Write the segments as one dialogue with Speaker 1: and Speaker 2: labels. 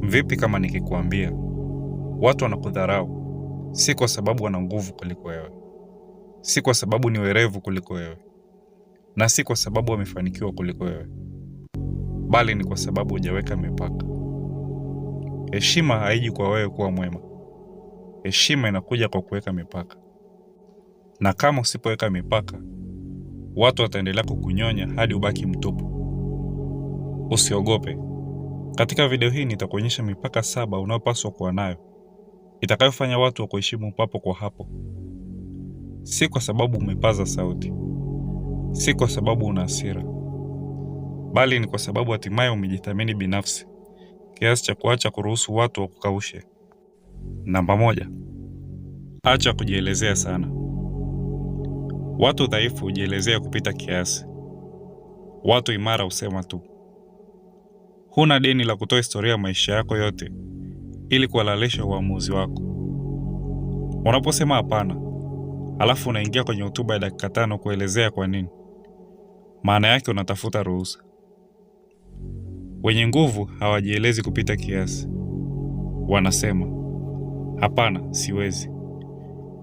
Speaker 1: Vipi kama nikikuambia watu wanakudharau si kwa sababu wana nguvu kuliko wewe, si kwa sababu ni werevu kuliko wewe, na si kwa sababu wamefanikiwa kuliko wewe, bali ni kwa sababu hujaweka mipaka. Heshima haiji kwa wewe kuwa mwema, heshima inakuja kwa kuweka mipaka, na kama usipoweka mipaka, watu wataendelea kukunyonya hadi ubaki mtupu. Usiogope. Katika video hii nitakuonyesha mipaka saba unayopaswa kuwa nayo itakayofanya watu wakuheshimu papo kwa hapo. Si kwa sababu umepaza sauti, si kwa sababu una hasira, bali ni kwa sababu hatimaye umejithamini binafsi kiasi cha kuacha kuruhusu watu wakukaushe. Namba moja: acha kujielezea sana. Watu dhaifu hujielezea kupita kiasi, watu imara husema tu. Huna deni la kutoa historia ya maisha yako yote ili kuhalalisha uamuzi wako. Unaposema hapana, alafu unaingia kwenye hotuba ya dakika tano kuelezea kwa nini, maana yake unatafuta ruhusa. Wenye nguvu hawajielezi kupita kiasi, wanasema hapana, siwezi,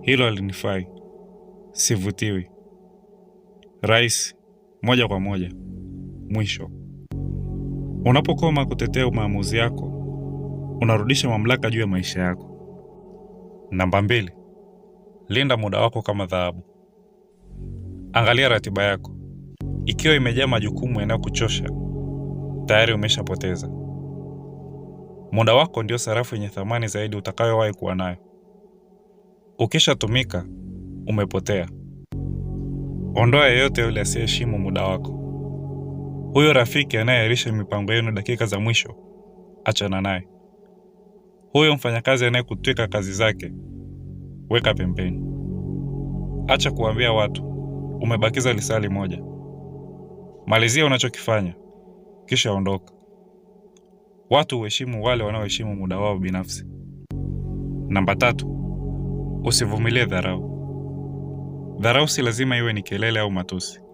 Speaker 1: hilo halinifai, sivutiwi, rais moja kwa moja, mwisho. Unapokoma kutetea maamuzi yako, unarudisha mamlaka juu ya maisha yako. Namba mbili, linda muda wako kama dhahabu. Angalia ratiba yako. Ikiwa imejaa majukumu yanayokuchosha, tayari umeshapoteza muda wako. Ndio sarafu yenye thamani zaidi utakayowahi kuwa nayo. Ukishatumika, umepotea. Ondoa yeyote yule asiyeheshimu muda wako. Huyo rafiki anayeahirisha mipango yenu dakika za mwisho, achana naye. Huyo mfanyakazi anayekutwika kazi zake, weka pembeni. Acha kuambia watu umebakiza lisali moja. Malizia unachokifanya kisha ondoka. Watu huheshimu wale wanaoheshimu muda wao binafsi. Namba tatu, usivumilie dharau. Dharau si lazima iwe ni kelele au matusi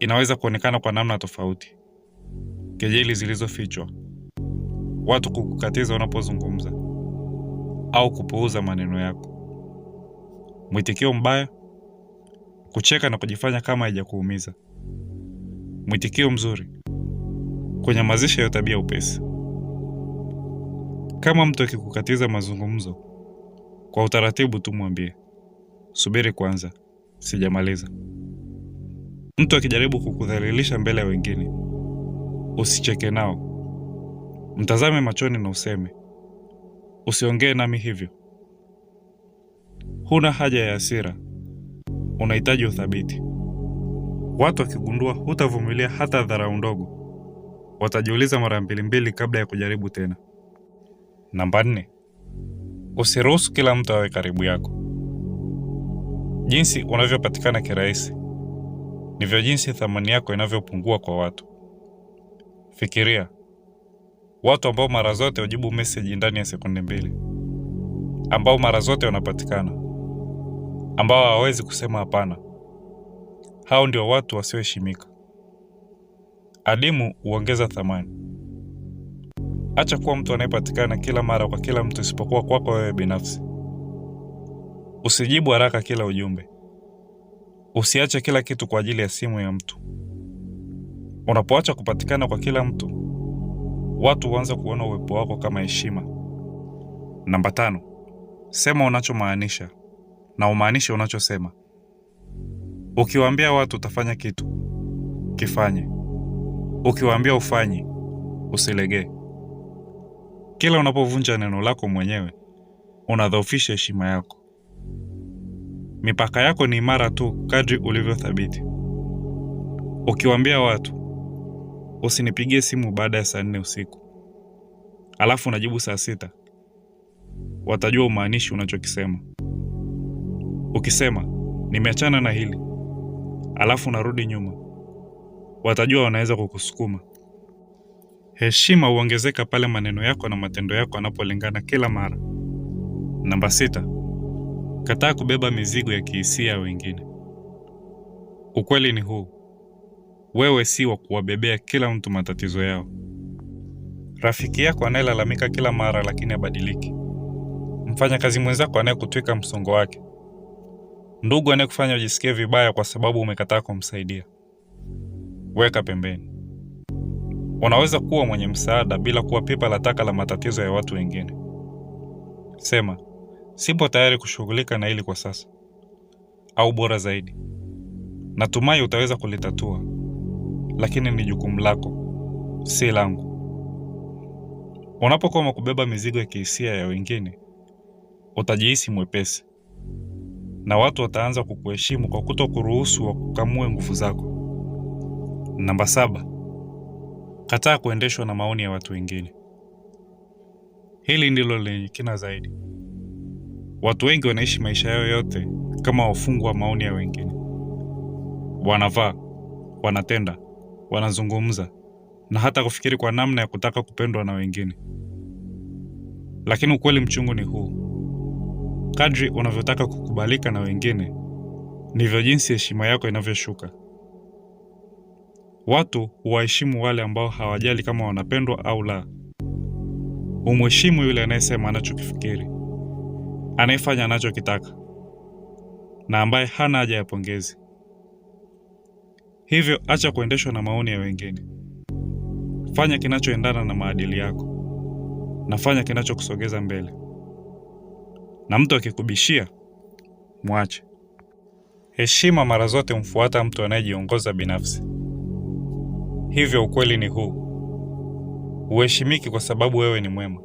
Speaker 1: inaweza kuonekana kwa namna tofauti: kejeli zilizofichwa, watu kukukatiza unapozungumza au kupuuza maneno yako, mwitikio mbaya, kucheka na kujifanya kama haijakuumiza, mwitikio mzuri, kunyamazisha hiyo tabia upesi. Kama mtu akikukatiza mazungumzo, kwa utaratibu tu mwambie, subiri kwanza, sijamaliza. Mtu akijaribu kukudhalilisha mbele ya wengine, usicheke nao, mtazame machoni na useme, usiongee nami hivyo. Huna haja ya hasira, unahitaji uthabiti. Watu wakigundua hutavumilia hata dharau ndogo, watajiuliza mara mbili mbili kabla ya kujaribu tena. Namba nne, usiruhusu kila mtu awe karibu yako. Jinsi unavyopatikana kirahisi ndivyo jinsi thamani yako inavyopungua kwa watu. Fikiria watu ambao mara zote wajibu meseji ndani ya sekunde mbili, ambao mara zote wanapatikana, ambao hawawezi kusema hapana. Hao ndio watu wasioheshimika. Adimu huongeza thamani. Acha kuwa mtu anayepatikana kila mara kwa kila mtu isipokuwa kwako wewe binafsi. Usijibu haraka kila ujumbe. Usiache kila kitu kwa ajili ya simu ya mtu. Unapoacha kupatikana kwa kila mtu, watu huanza kuona uwepo wako kama heshima. Namba tano, sema unachomaanisha na umaanishe unachosema. Ukiwaambia watu utafanya kitu, kifanye. Ukiwaambia ufanye, usilegee. Kila unapovunja neno lako mwenyewe, unadhoofisha heshima yako. Mipaka yako ni imara tu kadri ulivyothabiti. Ukiwaambia watu usinipigie simu baada ya saa nne usiku, alafu unajibu saa sita, watajua umaanishi unachokisema. Ukisema nimeachana na hili, alafu unarudi nyuma, watajua wanaweza kukusukuma. Heshima huongezeka pale maneno yako na matendo yako yanapolingana kila mara. Namba sita. Kataa kubeba mizigo ya kihisia wengine. Ukweli ni huu, wewe si wa kuwabebea kila mtu matatizo yao. Rafiki yako anayelalamika kila mara lakini abadiliki mfanyakazi mwenzako anayekutwika msongo wake, ndugu anayekufanya ujisikie vibaya kwa sababu umekataa kumsaidia, weka pembeni. Unaweza kuwa mwenye msaada bila kuwa pipa la taka la matatizo ya watu wengine. Sema Sipo tayari kushughulika na hili kwa sasa, au bora zaidi, natumai utaweza kulitatua, lakini ni jukumu lako, si langu. Unapokoma kubeba mizigo ya kihisia ya wengine, utajihisi mwepesi na watu wataanza kukuheshimu kwa kuto kuruhusu wa kukamue nguvu zako. Namba saba, kataa kuendeshwa na maoni ya watu wengine. Hili ndilo lenye kina zaidi. Watu wengi wanaishi maisha yao yote kama wafungwa wa maoni ya wengine. Wanavaa, wanatenda, wanazungumza na hata kufikiri kwa namna ya kutaka kupendwa na wengine. Lakini ukweli mchungu ni huu: kadri unavyotaka kukubalika na wengine, ndivyo jinsi heshima yako inavyoshuka. Watu huwaheshimu wale ambao hawajali kama wanapendwa au la. Umheshimu yule anayesema anachokifikiri anayefanya anachokitaka na ambaye hana haja ya pongezi. Hivyo acha kuendeshwa na maoni ya wengine, fanya kinachoendana na maadili yako na fanya kinachokusogeza mbele, na mtu akikubishia mwache. Heshima mara zote humfuata mtu anayejiongoza binafsi. Hivyo ukweli ni huu: huheshimiki kwa sababu wewe ni mwema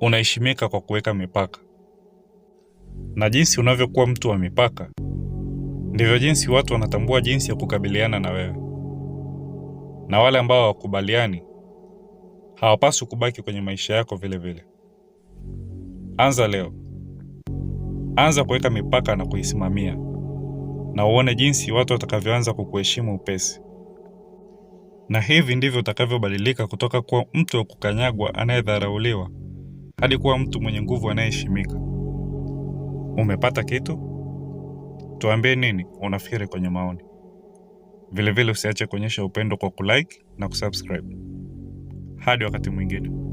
Speaker 1: unaheshimika kwa kuweka mipaka, na jinsi unavyokuwa mtu wa mipaka ndivyo jinsi watu wanatambua jinsi ya kukabiliana na wewe. Na wale ambao hawakubaliani hawapaswi kubaki kwenye maisha yako vile vile. Anza leo, anza kuweka mipaka na kuisimamia, na uone jinsi watu watakavyoanza kukuheshimu upesi, na hivi ndivyo utakavyobadilika kutoka kuwa mtu wa kukanyagwa anayedharauliwa hadi kuwa mtu mwenye nguvu anayeheshimika. Umepata kitu? Tuambie nini unafikiri kwenye maoni. Vilevile usiache kuonyesha upendo kwa kulike na kusubscribe. Hadi wakati mwingine.